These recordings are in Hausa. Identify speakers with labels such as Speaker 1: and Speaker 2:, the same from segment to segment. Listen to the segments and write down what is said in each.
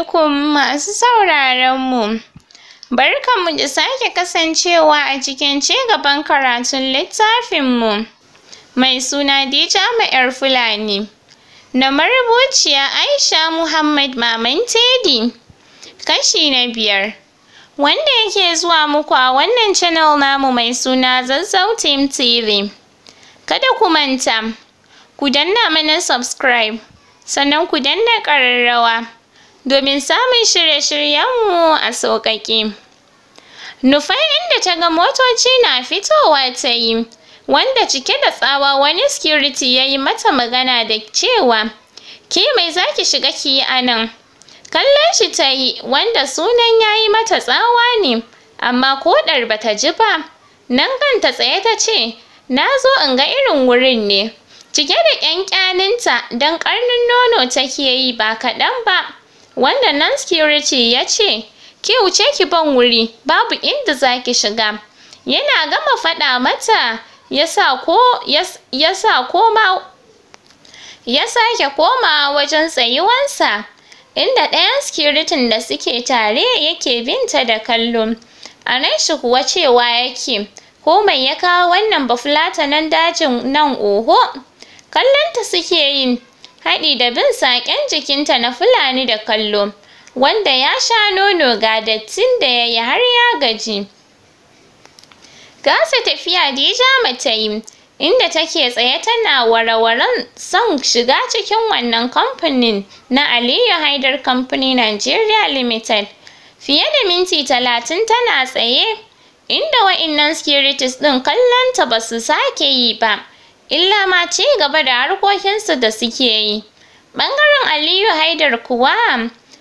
Speaker 1: alaikum masu sauraron mu. Barkanmu da sake kasancewa a cikin cigaban karatun littafin mu. Mai suna Dijama ƴar Fulani. Na marubuciya Aisha Muhammad Maman Tedi Kashi na biyar. Wanda yake zuwa muku a wannan channel namu mai suna Zazzau Team TV. Kada ku manta, ku danna mana subscribe, sannan ku danna ƙararrawa. domin samun shirye-shiryenmu a sauƙaƙe. Nufai inda ta ga motoci na fitowa ta yi, wanda cike da tsawa wani sikiriti ya yi mata magana da cewa, Ki mai za ki shiga ki yi a nan? Kallon shi ta yi, wanda sunan ya yi mata tsawa ne, amma koɗar ba ta ji ba. Nan kanta tsaye ta ce, Na zo in ga irin wurin ne. Cike da ƙyanƙyaninta don ƙarnin nono take yi ba kaɗan ba. wanda nan security ya ce ki wuce ki ban wuri babu inda za ki shiga yana gama faɗa mata ya sa ko koma sake komawa wajen tsayuwansa inda ɗayan sikiritin da suke tare yake binta da kallo a nan shi kuwa cewa yake ko mai ya kawo wannan bafulatanan dajin nan oho kallonta suke yin haɗi da bin saƙen jikinta na Fulani da kallo, wanda ya sha nono ga dattin da ya yi har ya gaji. Gasa tafiya Dijama ta yi, inda take tsaye tana warawaran son shiga cikin wannan kamfanin na Aliyu Haidar Company Nigeria Limited. Fiye da minti talatin tana tsaye, inda wa'innan securities ɗin kallonta ba su sake yi ba. illa ma ci gaba da harkokinsu da suke yi. Ɓangaren Aliyu Haidar kuwa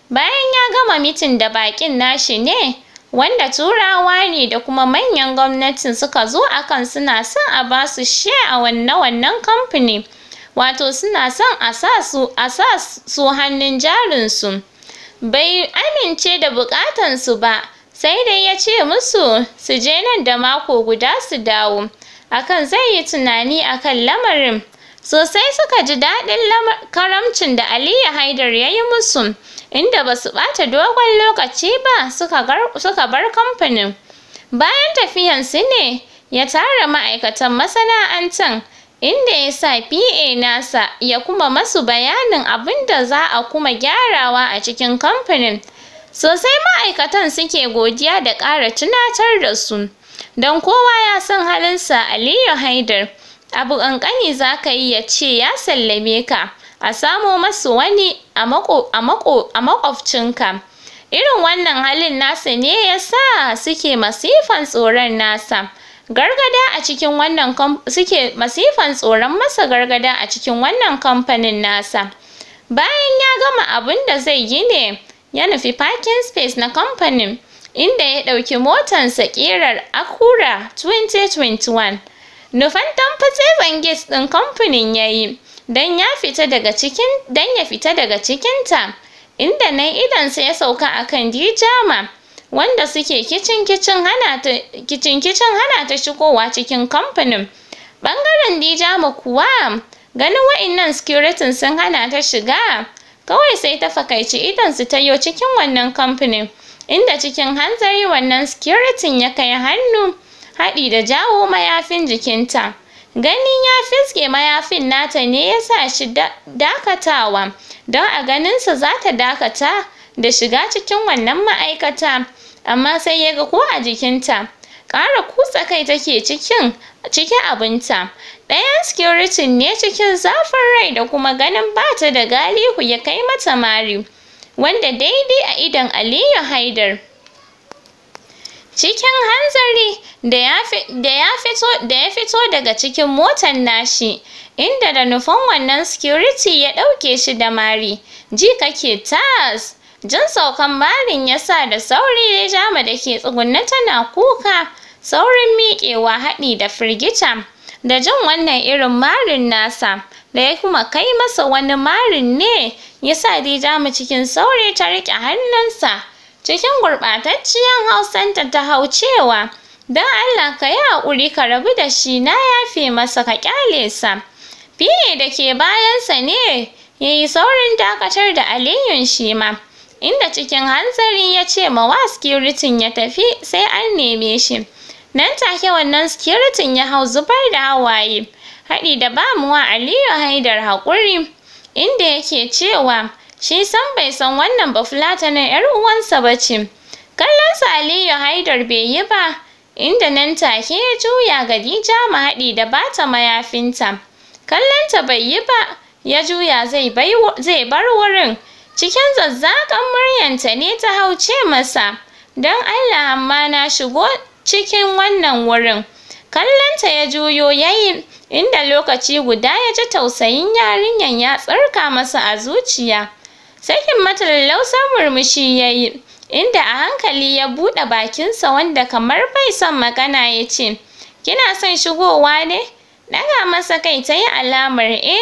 Speaker 1: bayan ya gama mitin da baƙin nashi ne wanda turawa ne da kuma manyan gwamnatin suka zo akan suna son a basu she a wannan wannan kamfani wato suna son a sa su a sa su hannun jarinsu bai amince da buƙatansu ba sai dai ya ce musu su je nan da mako guda su dawo akan zai yi tunani akan lamarin sosai suka ji daɗin karamcin da Aliyu Haidar ya yi musu inda ba su ɓata dogon lokaci ba suka bar kamfanin bayan tafiyansu ne ya tara ma'aikatan masana'antar inda ya sa PA nasa ya kuma masu bayanin abin da za a kuma gyarawa a cikin kamfanin sosai ma'aikatan suke godiya da ƙara tunatar da su don kowa ya san halinsa Aliyu Haidar abu ƙanƙani za ka yi ya ce ya sallame ka a samo masu wani a maƙwabcinka irin wannan halin nasa ne ya sa suke masifan tsoron nasa gargada a cikin wannan suke masifan tsoron masa gargada a cikin wannan kamfanin nasa bayan ya gama abin da zai yi ne ya nufi parking space na kamfanin inda ya ɗauki motansa ƙirar Acura 2021. Nufan tamfatsefen gate ɗin kamfanin ya yi don ya fita daga cikin don ya fita daga cikinta, inda na idonsa ya sauka a kan Dijama, wanda suke kicin-kicin hana ta shigowa cikin kamfanin. Ɓangaren Dijama kuwa ganin wa'innan sikiritin sun hana ta shiga, kawai sai ta fakaici idonsu ta yo cikin wannan kamfanin. inda cikin hanzari wannan sikiritin ya kai hannu haɗi da jawo mayafin jikinta ganin ya fiske mayafin nata ne ya sa shi dakatawa don a ganinsa za ta dakata da shiga cikin wannan ma'aikata amma sai ya ga ko a jikinta ƙara kutsa kai take cikin cike abinta ɗayan sikiritin ne cikin zafin rai da kuma ganin ba ta da galihu ya kai mata mari wanda daidai a idon Aliyu Haidar. Cikin hanzari da ya fito da ya fito daga cikin motan nashi, inda da nufin wannan security ya ɗauke shi da mari, ji kake tas! Jin saukan marin ya sa da sauri ya ma da ke tsugunne tana kuka, saurin miƙewa haɗi da firgita, da jin wannan irin marin nasa. da ya kuma kai masa wani marin ne ya sa Dijamu cikin sauri ta riƙe hannunsa cikin gurɓatacciyar hausanta ta hau cewa don Allah ka yi haƙuri ka rabu da shi na yafe masa ka ƙyale sa fiye da ke bayansa ne ya yi saurin dakatar da aliyun shi ma inda cikin hanzari ya ce ma wa sikiritin ya tafi sai an neme shi nan take wannan sikiritin ya hau zubar da hawaye haɗi da bamuwa Aliyu Haidar haƙuri inda yake cewa shi san bai san wannan na ƴar uwansa ba ce kallonsa Aliyu Haidar bai yi ba inda nan take ya juya ga ma haɗi da bata mayafinta kallonta bai yi ba ya juya zai bar wurin cikin zazzaƙan muryanta ne ta hauce masa don Allah amma na shigo cikin wannan wurin kallonta ya juyo yayi inda lokaci guda ya ji tausayin yarinyan ya tsarka masa a zuciya sakin mata lallausar murmushi ya yi inda a hankali ya buɗe bakinsa wanda kamar bai son magana ya ce kina son shigowa ne ɗaga masa kai ta yi alamar e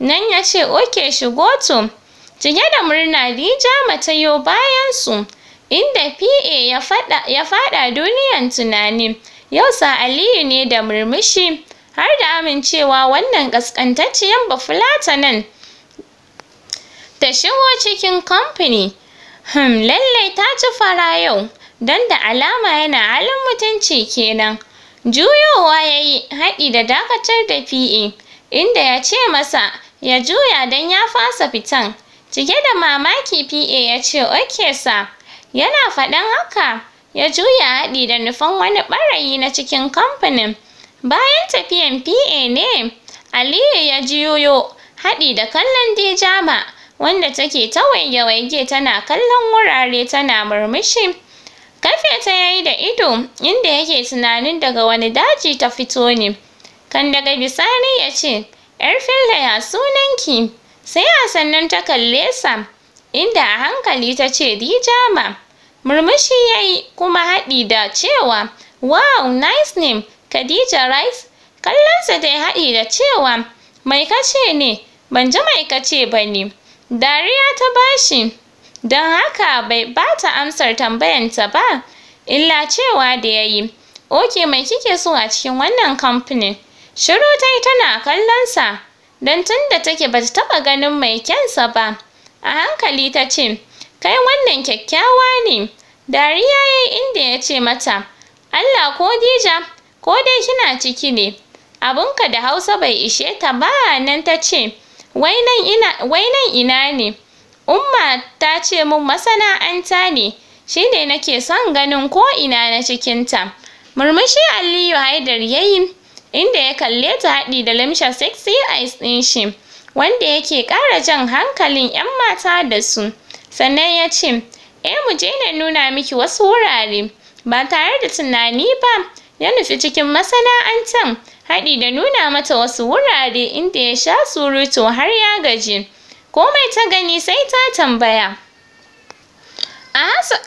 Speaker 1: nan ya ce oke shigo to cike da murna rija matayo yo bayansu inda PA ya fada ya faɗa duniyan tunani yau sa Aliyu ne da murmushi har da amincewa wannan ƙasƙantacciyar nan. ta shigo cikin kamfani hmm lallai ta ci fara yau don da alama yana halin mutunci kenan juyowa ya yi haɗi da dakatar da fie inda ya ce masa ya juya don ya fasa fitan cike da mamaki PA ya ce oke sa yana faɗan haka ya juya haɗi da nufan wani ɓarayi na cikin kamfanin Bayan tafiyan PA ne, Aliyu ya juyo haɗi da kallon Dijama wanda take ta waige-waige tana kallon wurare tana murmushi. Kafe ta yayi da ido inda yake tunanin daga wani daji ta fito ne. Kan daga bisani ya ce, ‘yar filla ya sunanki? Sai a sannan ta kalle sa, inda a hankali ta ce Dijama. Murmushi ya yi kuma haɗi da cewa, wow nice name! Khadija Rice kallonsa da ya haɗi da cewa mai kace ne ban ji mai kace ba ne dariya ta bashi don haka bai bata amsar tambayanta ba illa cewa da ya yi oke mai kike so a cikin wannan kamfanin shiru yi tana kallonsa don tunda take bata taɓa ganin mai kyansa ba a hankali ta ce kai wannan kyakkyawa ne dariya ya yi inda ya ce mata Allah ko Dija ko dai kina ciki ne abunka da hausa bai ishe ta ba nan ta ce wai nan ina ne umma ta ce min masana'anta ne shine nake son ganin ko ina na cikinta murmushi aliyu haidar yayi inda ya kalle ta haɗi da limshe sexy eyes ɗin shi wanda yake ƙara jan hankalin 'yan mata da su sannan ya ce eh mu je na nuna miki wasu wurare ba tare da tunani ba ya nufi cikin masana'antar haɗi da nuna mata wasu wurare inda ya sha surutu har ya gaji komai ta gani sai ta tambaya a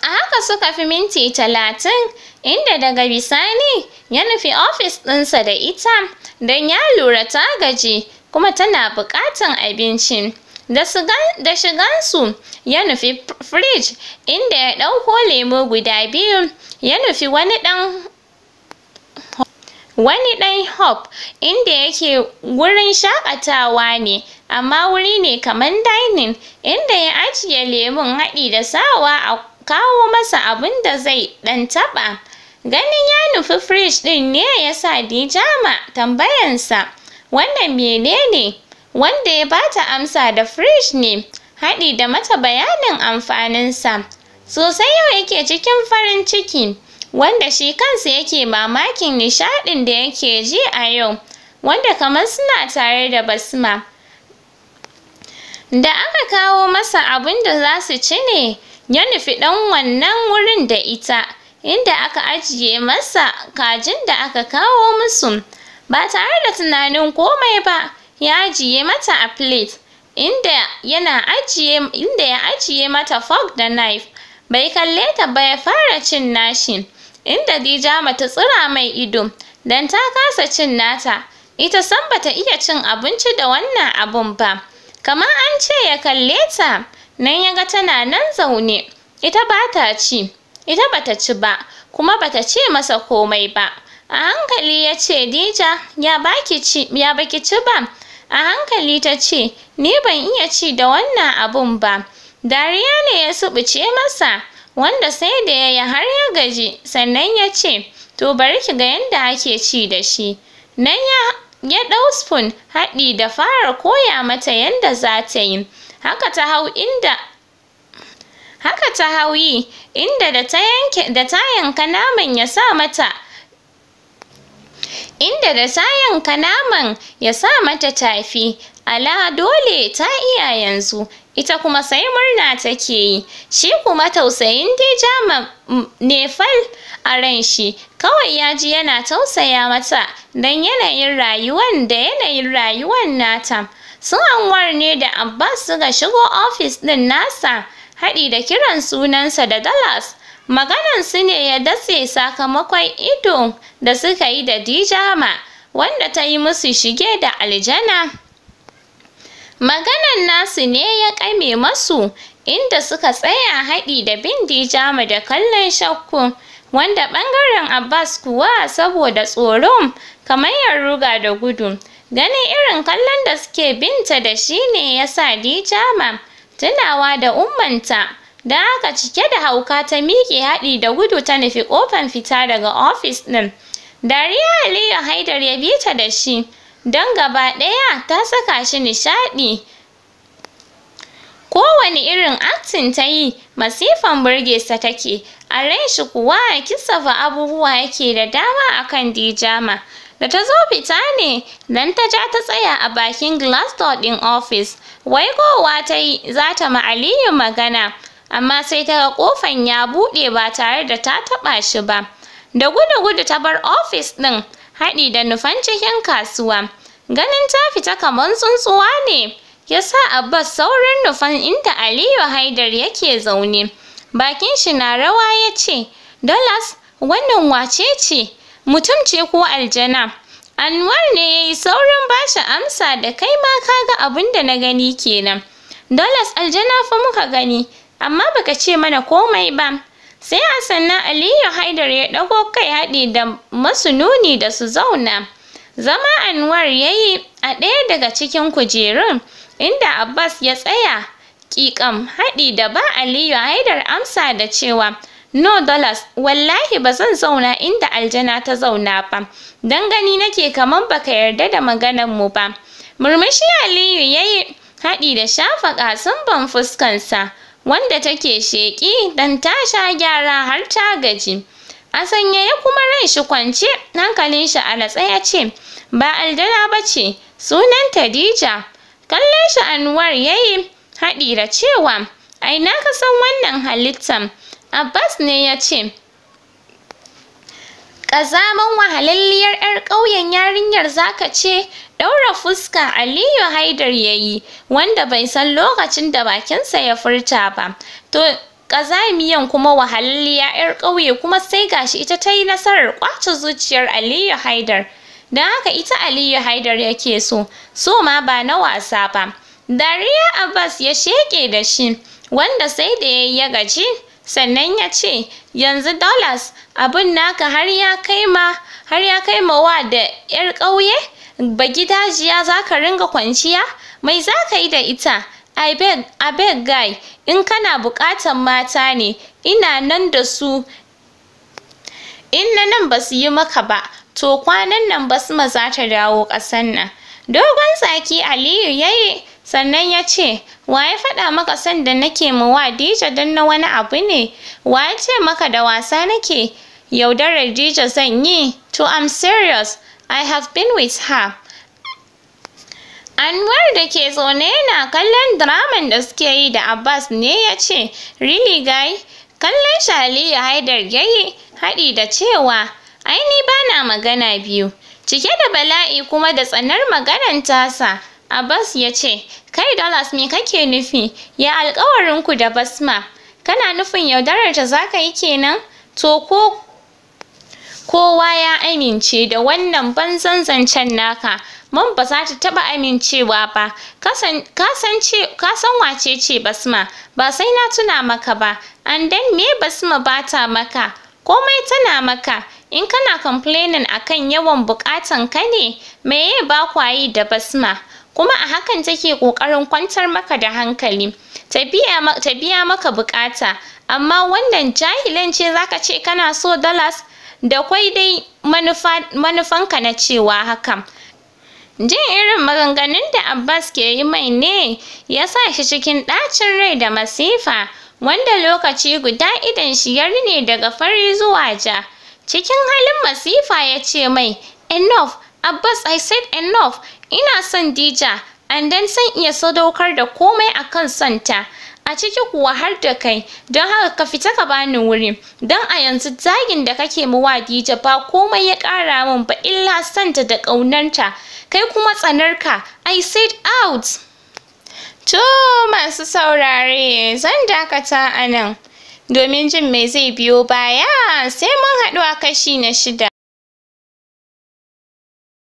Speaker 1: haka suka fi minti talatin inda daga bisani ya nufi ofis ɗinsa da ita don ya lura ta gaji kuma tana bukatan abinci da shigansu ya nufi firij inda ya ɗauko lemo guda biyu ya nufi wani ɗan wani ɗan hop inda yake wurin shaƙatawa ne amma wuri ne kaman dining inda ya ajiye lemun haɗi da sawa a kawo masa abin da zai ɗan taɓa ganin ya nufi firij ɗin ne ya sa Dijama jama tambayansa wannan menene wanda ya bata amsa da firij ne haɗi da mata bayanin amfaninsa. sosai yau yake cikin farin ciki wanda shi kansa yake mamakin nishaɗin da yake ji a yau wanda kamar suna tare da Basma da aka kawo masa abin da za su ci ne ya nufi ɗan wannan wurin da ita inda aka ajiye masa kajin da aka kawo musu ba tare da tunanin komai ba ya ajiye mata a plate inda yana ajiye inda ya ajiye mata fork da knife bai kalle ta ba ya fara cin nashi inda Dijama ta tsira mai ido dan ta kasa cin nata ita san bata iya cin abinci da wannan abun ba kamar an ce ya kalle ta nan yaga tana nan zaune ita bata ci ita bata ci ba kuma bata ce masa komai ba a hankali ya ce Dija ya baki ci ya baki ci ba a hankali ta ce ni ban iya ci da wannan abun ba dariya ne ya suɓuce masa wanda sai da ya yi har ya gaji sannan ya ce to bari ki ga yadda ake ci da shi nan ya ya ɗau spoon haɗi da fara koya mata yadda za ta yi haka ta hau inda haka ta hau yi inda da ta yanke da ta yanka naman ya sa mata inda da ta yanka naman ya sa mata tafi ala dole ta iya yanzu ita kuma sai murna take yi shi kuma tausayin Dijama mm, Nefal a ran shi kawai ya ji yana tausaya mata don yanayin rayuwan da yanayin rayuwan nata sun Anwar ne da Abbas suka shigo ofis ɗin nasa haɗi da kiran sunansa da Dallas maganan su ne ya datse sakamakon ido da suka yi da Dijama wanda ta yi musu shige da aljana Maganan nasu ne ya ƙame masu inda suka tsaya haɗi da bin Dijama da kallon shakku wanda ɓangaren Abbas kuwa saboda tsoron kamar ya ruga da gudu. Ganin irin kallon da suke binta da shi ne ya sa Dijama tunawa da ummanta da aka cike da hauka ta miƙe haɗi da gudu ta nufi ƙofan fita daga ofis ɗin. Dariya Aliyu Haidar ya bi ta da shi don gaba ɗaya ta saka shi nishaɗi kowane irin aktin ta yi masifan burgesa take a rai shi kuwa kisafa abubuwa yake da dama a kan dijama da ta zo fita ne don ta ja ta tsaya a bakin glasgow ɗin ofis kowa ta yi za ta ma magana amma sai ta ga ƙofan ya buɗe ba tare da ta taɓa shi ba da gudu-gudu ta bar ofis ɗin haɗi da nufan cikin kasuwa ganin ta fita kamar tsuntsuwa ne ya sa Abbas saurin nufan inda Aliyu Haidar yake zaune bakin shi na rawa ya ce Dollars wannan wace ce mutum ce ko aljana Anwar ne ya yi saurin bashi amsa da kai ma ka ga abin da na gani kenan Dollars aljana fa muka gani amma baka ce mana komai ba sai a sannan aliyu haidar ya ɗago kai haɗi da masu da su zauna zama anwar ya yi a ɗaya daga cikin kujerun inda abbas ya tsaya ƙiƙam haɗi da ba aliyu haidar amsa da cewa no dollars wallahi ba zan zauna inda aljana ta zauna ba don gani nake kaman baka yarda da maganan mu ba murmushi aliyu ya yi haɗi da shafa ban fuskansa wanda take sheƙi dan ta sha gyara har ta gaji a sanyaye kuma ran shi kwance hankalin shi a natse ya ce ba aljana bace, sunan ta dija kallon shi anwar yayi haɗi da cewa ai na kasan wannan halittan abbas ne ya ce ƙazaman wahalalliyar 'yar ƙauyen yarinyar zaka ce ɗaura fuska Aliyu Haidar ya yi wanda bai san lokacin da bakinsa ya furta ba to ƙazamiyan kuma wahalalliya 'yar ƙauye kuma sai gashi ita ta yi nasarar ƙwace zuciyar Aliyu Haidar don haka ita Aliyu Haidar yake so so ma ba na wasa ba Dariya Abbas ya sheƙe da shi wanda sai da ya ya gaji sannan ya ce yanzu dollars abin naka har ya kai ma wa da yar ƙauye ba gidajiya za ka ringa kwanciya mai za ka yi da ita abeg beg guy in kana buƙatan mata ne ina nan da su in na nan ba su yi maka ba to kwanan nan ba su ma za ta dawo ƙasan nan dogon tsaki aliyu ya yi sannan ya ce wa ya faɗa maka sanda nake ma wa dija don na wani abu ne wa ya ce maka da wasa nake yaudarar dija zan yi to i'm serious i have been with her Anwar da ke zaune yana kallon draman da suke yi da Abbas ne ya ce, Really guy? Kallon shaliya ya Haidar yayi haɗi da cewa, aini ba bana magana biyu, cike da bala'i kuma da tsanar maganan tasa, Abbas ya ce, Kai Dollars me kake nufi? Ya alƙawarinku da Basma? Kana nufin yaudarar ta za ka yi kenan? To ko kowa ya amince da wannan banzan zancen naka mun ba za ta taɓa amincewa ba ka wace ce basma ba sai na tuna maka ba an dan me basma ba ta maka komai tana maka in kana complaining akan yawan bukatan ka ne meye ba kwayi da basma kuma a hakan take ƙoƙarin kwantar maka da hankali ta biya maka bukata amma wannan jahilan ce zaka ce kana so dollars da kwai dai manufanka na cewa haka. jin irin maganganun da Abbas ke yi mai ne ya sa shi cikin ɗacin rai da masifa wanda lokaci guda idan shi ya rine daga fari zuwa ja cikin halin masifa ya ce mai enough Abbas I said enough, ina son Dija, and then san iya sadaukar da komai a akan santa. a ciki kuwa har da kai don haka ka fita ka bani wuri don a yanzu zagin da kake mu wa Dija ba komai ya ƙara min ba illa santa da ƙaunarta kai kuma tsanarka I said out to masu saurare zan dakata anan domin jin me zai biyo baya sai mun haɗu a kashi na shida